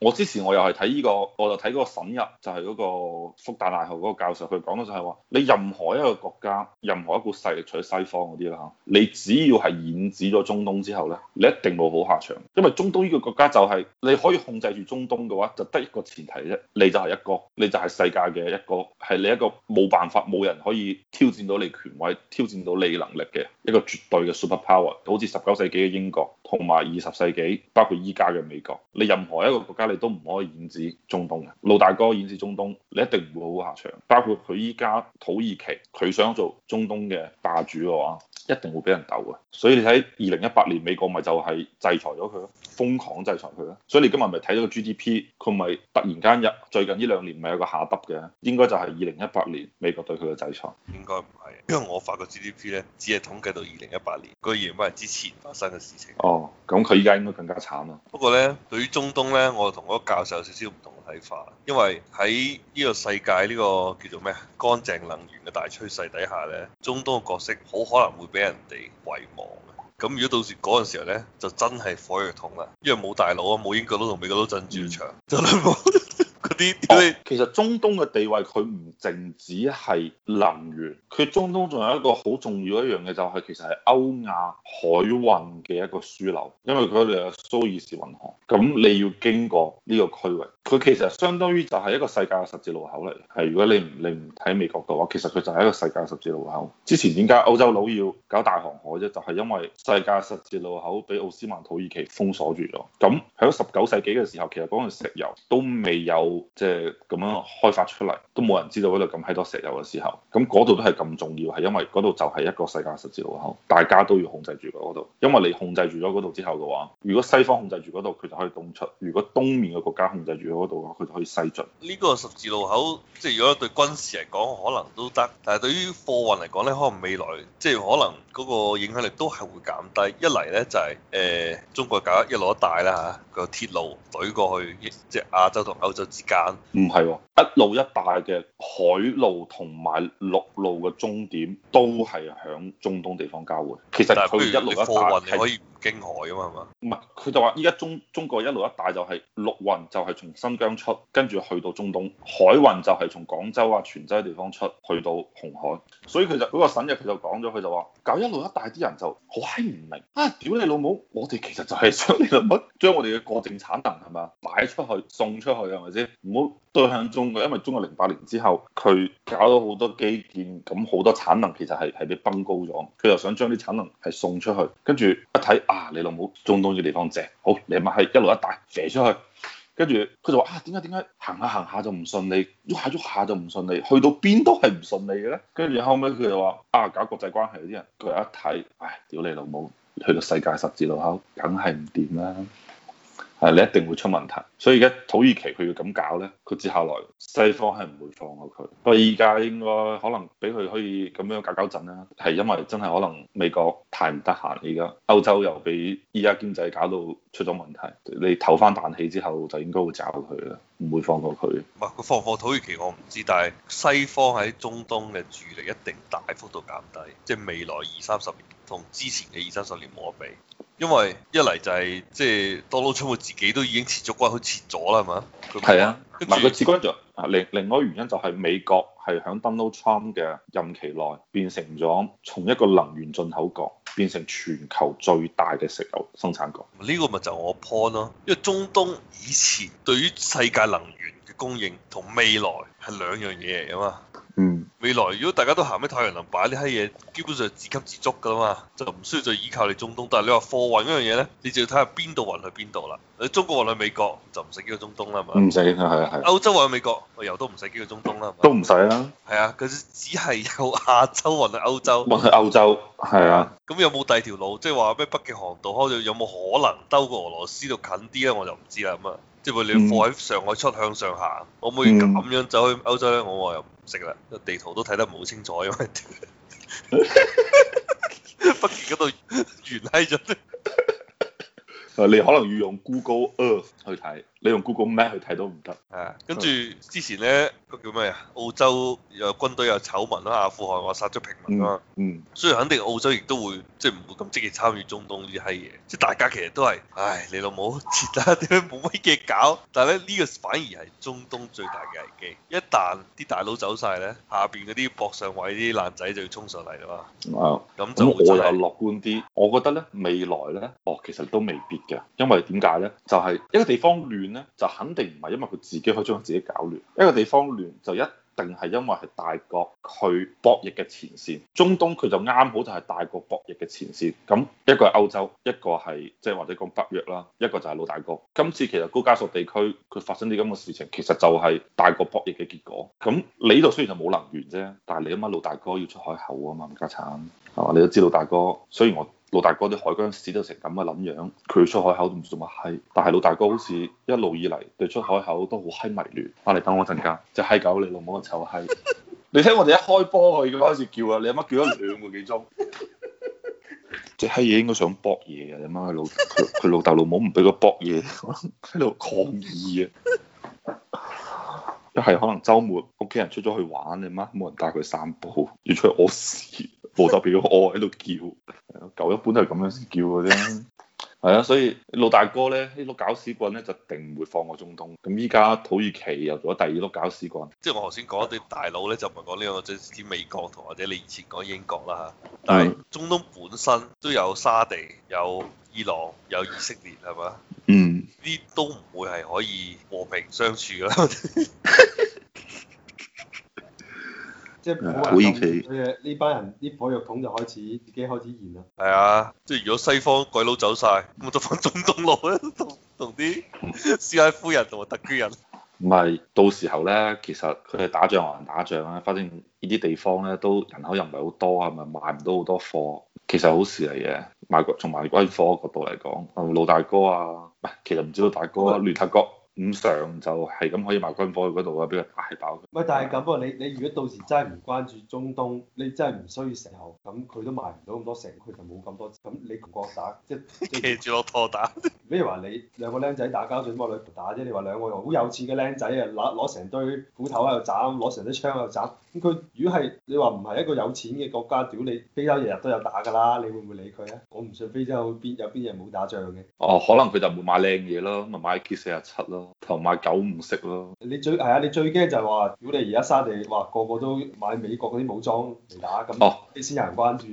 我之前我又係睇呢個，我就睇嗰個沈逸，就係嗰個復旦大學嗰個教授佢講到就係話，你任何一個國家，任何一股勢力，除咗西方嗰啲啦嚇，你只要係染指咗中東之後咧，你一定冇好下場，因為中東呢個國家就係你可以控制住中東嘅話，就得一個前提啫，你就係一個，你就係世界嘅一個，係你一個冇辦法冇人可以挑戰到你權威，挑戰到你能力嘅一個絕對嘅 super power，好似十九世紀嘅英國，同埋二十世紀包括依家嘅美國，你任何一個國家。你都唔可以染指中東嘅，老大哥染指中東，你一定唔會好下場。包括佢依家土耳其，佢想做中東嘅霸主嘅話，一定會俾人鬥嘅。所以你睇二零一八年美國咪就係制裁咗佢咯，瘋狂制裁佢咯。所以你今日咪睇咗個 GDP，佢咪突然間一最近呢兩年咪有個下耷嘅，應該就係二零一八年美國對佢嘅制裁。應該唔係，因為我發覺嘅 GDP 咧，只係統計到二零一八年，居然唔係之前發生嘅事情。哦，咁佢依家應該更加慘啊。不過咧，對於中東咧，我。同嗰個教授有少少唔同嘅睇法，因為喺呢個世界呢個叫做咩啊，乾淨能源嘅大趨勢底下呢，中東嘅角色好可能會俾人哋遺忘嘅。咁如果到時嗰陣時候呢，就真係火藥桶啦，因為冇大佬啊，冇英國佬同美國佬鎮住場，就冇。哦、其實中東嘅地位佢唔淨止係能源，佢中東仲有一個好重要一樣嘅就係、是、其實係歐亞海運嘅一個樞紐，因為佢哋有蘇伊士運河，咁你要經過呢個區域，佢其實相當於就係一個世界嘅十字路口嚟。係如果你唔你唔睇美國嘅話，其實佢就係一個世界十字路口。之前點解歐洲佬要搞大航海啫？就係、是、因為世界十字路口俾奧斯曼土耳其封鎖住咗。咁喺十九世紀嘅時候，其實嗰陣石油都未有。即係咁樣開發出嚟，都冇人知道嗰度咁喺多石油嘅時候，咁嗰度都係咁重要，係因為嗰度就係一個世界十字路口，大家都要控制住嗰度，因為你控制住咗嗰度之後嘅話，如果西方控制住嗰度，佢就可以東出；如果東面嘅國家控制住嗰度，佢就可以西進。呢個十字路口，即係如果對軍事嚟講可能都得，但係對於貨運嚟講呢可能未來即係可能嗰個影響力都係會減低。一嚟呢，就係誒中國搞一路一帶啦嚇，個鐵路懟過去即係亞洲同歐洲之間。唔係、哦、一路一帶嘅海路同埋陸路嘅終點都係喺中東地方交匯。其實佢一路一帶係可以唔經海啊嘛嘛。唔係佢就話依家中中國一路一帶就係陸運就係從新疆出，跟住去到中東；海運就係從廣州啊、泉州嘅地方出去到紅海。所以佢就嗰、嗰個沈日佢就講咗，佢就話搞一路一帶啲人就好閪唔明啊！屌你老母，我哋其實就係想你唔乜，將我哋嘅過剩產能係嘛擺出去送出去係咪先？唔好對向中國，因為中國零八年之後佢搞咗好多基建，咁好多產能其實係係被崩高咗，佢又想將啲產能係送出去，跟住一睇啊，你老母中東嘅地方正，好你咪係一路一帶射出去，跟住佢就話啊，點解點解行下、啊、行下、啊、就唔順利，喐下喐下就唔順利，去到邊都係唔順利嘅咧，跟住後尾，佢就話啊，搞國際關係啲人，佢一睇，唉、哎，屌你老母，去到世界十字路口，梗係唔掂啦。係你一定會出問題，所以而家土耳其佢要咁搞呢。佢接下來西方係唔會放過佢。不過而家應該可能俾佢可以咁樣搞搞震啦，係因為真係可能美國太唔得閒，而家歐洲又俾而家經濟搞到出咗問題，你唞翻啖氣之後就應該會找佢啦，唔會放過佢。佢放唔放土耳其我唔知，但係西方喺中東嘅助力一定大幅度減低，即係未來二三十年同之前嘅二三十年冇得比。因為一嚟就係即係 Donald Trump 自己都已經切咗骨，佢切咗啦，係咪啊？係啊此，唔係佢切骨咗。另另外一個原因就係美國係響 Donald Trump 嘅任期內變成咗從一個能源進口國變成全球最大嘅石油生產國。呢個咪就我 point 咯。因為中東以前對於世界能源嘅供應同未來係兩樣嘢嚟㗎嘛。未來如果大家都行喺太陽能擺呢啲嘢，基本上自給自足噶啦嘛，就唔需要再依靠你中東。但係你話貨運嗰樣嘢咧，你就要睇下邊度運去邊度啦。你中國運去美國就唔使經過中東啦嘛，唔使係係。歐洲運去美國，又都唔使經過中東啦，都唔使啦。係啊，佢只係有亞洲運去歐洲，運去歐洲。係啊，咁有冇第二條路，即係話咩北極航道開咗，有冇可能兜過俄羅斯度近啲咧？我就唔知啦嘛。即係話你放喺上海出向上行，嗯、可唔可以咁樣走去歐洲咧？我我又唔識啦，地圖都睇得唔好清楚，因為 北極嗰度懸低咗。你可能要用 Google Earth 去睇。你用 Google Map 去睇都唔得，係、啊。以跟住之前咧，個叫咩啊？澳洲又軍隊又醜聞啦，阿富汗話殺咗平民啦。嘛、嗯。嗯。所以肯定澳洲亦都會即係唔會咁積極參與中東呢啲閪嘢，即、就、係、是、大家其實都係，唉，你老母，其他點冇乜嘢搞。但係咧呢、這個反而係中東最大嘅危機，一旦啲大佬走晒咧，下邊嗰啲博上位啲爛仔就要衝上嚟啦嘛。啊、嗯。咁、嗯、就會。我話樂觀啲，我覺得咧未來咧，哦，其實都未必嘅，因為點解咧？就係、是、一個地方亂。就肯定唔係因為佢自己可以將佢自己搞亂，一個地方亂就一定係因為係大國佢博弈嘅前線，中東佢就啱好就係大國博弈嘅前線，咁一個係歐洲，一個係即係或者講北約啦，一個就係老大哥。今次其實高加索地區佢發生啲咁嘅事情，其實就係大國博弈嘅結果。咁你呢度雖然就冇能源啫，但係你諗下老大哥要出海口啊嘛，唔家產係、啊、嘛、啊，你都知道大哥，雖然我。老大哥啲海軍屎都成咁嘅撚樣，樣，佢出海口都唔做乜閪，但係老大哥好似一路以嚟對出海口都好閪迷戀。嚟等我陣間，隻閪狗你老母臭閪！ 你聽我哋一開波佢已經開始叫啦，你阿媽叫咗兩個幾鐘。隻閪嘢應該想搏嘢啊！你阿媽佢老佢老豆老母唔俾佢搏嘢，喺 度抗議啊！一係可能周末屋企人出咗去玩，你阿媽冇人帶佢散步，要出去屙屎。冇特別要喺度叫，狗一般都係咁樣先叫嘅啫，係 啊，所以老大哥咧，呢碌搞屎棍咧，就定唔會放過中東。咁依家土耳其又做咗第二碌搞屎棍。嗯嗯、即係我頭先講啲大佬咧，就唔係講呢個即係美國同或者你以前講英國啦，但係中東本身都有沙地，有伊朗，有以色列，係咪？嗯，呢啲都唔會係可以和平相處噶。 即係冇呢班人啲火藥桶就開始自己開始燃啦。係啊，即係如果西方鬼佬走晒，咁咪得翻中東路咧，同啲斯拉夫人同埋突厥人。唔係，到時候咧，其實佢哋打仗還打仗啊。反正呢啲地方咧都人口又唔係好多啊，咪賣唔到好多貨，其實好事嚟嘅。賣從賣鬼貨角度嚟講，啊，老大哥啊，唔其實唔知道大哥。聯塔國。五常就係咁可以賣軍火去嗰度啊，畀佢大爆包。喂，但係咁啊，你你如果到時真係唔關注中東，你真係唔需要石油，咁佢都賣唔到咁多石油，佢就冇咁多。咁你各國打即係騎住攞拖打。比如話你兩個靚仔打交，最起碼兩打啫。你話兩個好有錢嘅靚仔啊，攞攞成堆斧頭喺度斬，攞成堆槍喺度斬。咁佢如果係你話唔係一個有錢嘅國家，屌你非洲日日都有打㗎啦，你會唔會理佢啊？我唔信非洲邊有邊嘢冇打仗嘅。哦，可能佢就冇買靚嘢咯，咪買 K 四啊七咯。同埋狗唔食咯，你最係啊！你最驚就係話，如果你而家沙地話個個都買美國嗰啲武裝嚟打咁，哦，你先有人關注。